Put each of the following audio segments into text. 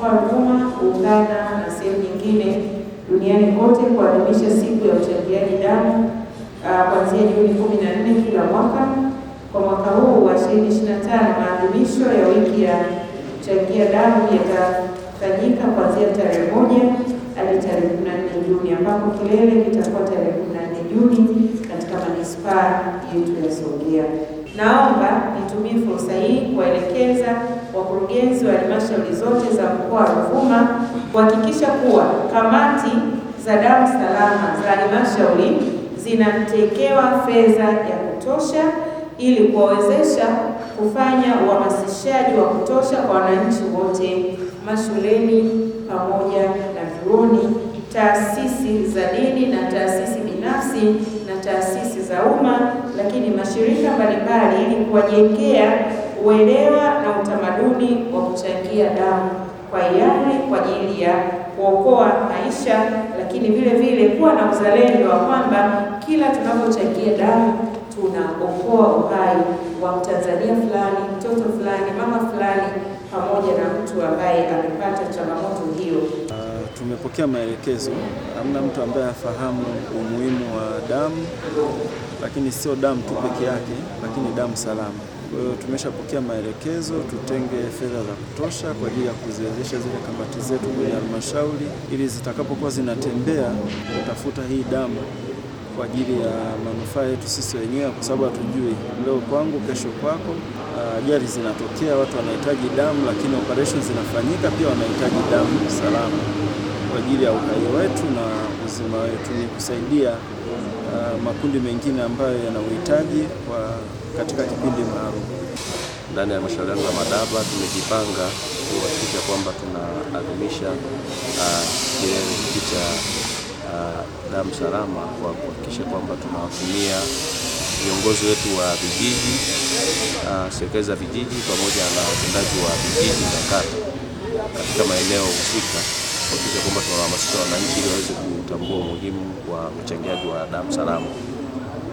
Kwa huduma kuungana na sehemu nyingine duniani kote kuadhimisha siku ya uchangiaji damu uh, kuanzia Juni kumi na nne kila mwaka. Kwa mwaka huu wa 2025 maadhimisho ya wiki ya kuchangia damu yatafanyika kuanzia tarehe moja hadi tarehe 14 Juni ambapo kilele kitakuwa tarehe 14 duni katika manispaa yetu ya Songea. Naomba nitumie fursa hii kuwaelekeza wakurugenzi wa halmashauri zote za mkoa wa Ruvuma kuhakikisha kuwa kamati za damu salama za halmashauri zinatekewa fedha ya kutosha ili kuwawezesha kufanya uhamasishaji wa kutosha kwa wananchi wote mashuleni pamoja na vyuoni taasisi za dini na taasisi binafsi na taasisi za umma, lakini mashirika mbalimbali ili kuwajengea uelewa na utamaduni wa kuchangia damu kwa hiari kwa ajili ya kuokoa maisha, lakini vile vile kuwa na uzalendo wa kwamba kila tunapochangia damu tunaokoa uhai wa Mtanzania fulani, mtoto fulani, mama fulani, pamoja na mtu ambaye amepata changamoto hiyo tumepokea maelekezo. Hamna mtu ambaye afahamu umuhimu wa damu, lakini sio damu tu peke yake, lakini damu salama. Kwa hiyo tumeshapokea maelekezo, tutenge fedha za kutosha kwa ajili ya kuziwezesha zile kamati zetu kwenye halmashauri, ili zitakapokuwa zinatembea kutafuta hii damu kwa ajili ya manufaa yetu sisi wenyewe, kwa sababu hatujui leo kwangu, kesho kwako. Ajali zinatokea, watu wanahitaji damu, lakini operations zinafanyika, pia wanahitaji damu salama kwa ajili ya uhai wetu na uzima wetu, ni kusaidia uh, makundi mengine ambayo yana uhitaji kwa katika kipindi maalum. Ndani ya mashauriano ya Madaba tumejipanga kuhakikisha kwamba tunaadhimisha kilele uh, hiki cha uh, damu salama kwa kuhakikisha kwamba tunawatumia viongozi wetu wa vijiji uh, serikali za vijiji pamoja na watendaji wa vijiji na kata katika maeneo husika kuhakikisha kwamba tunawahamasisha wananchi ili waweze kutambua umuhimu wa uchangiaji wa damu salama,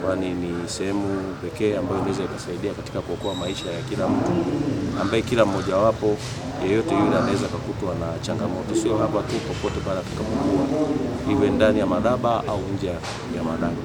kwani ni sehemu pekee ambayo inaweza ikasaidia katika kuokoa maisha ya kila mtu ambaye kila mmojawapo yeyote yule anaweza kukutwa na changamoto, sio hapa tu, popote pale atakapokuwa, iwe ndani ya madaba au nje ya madaba.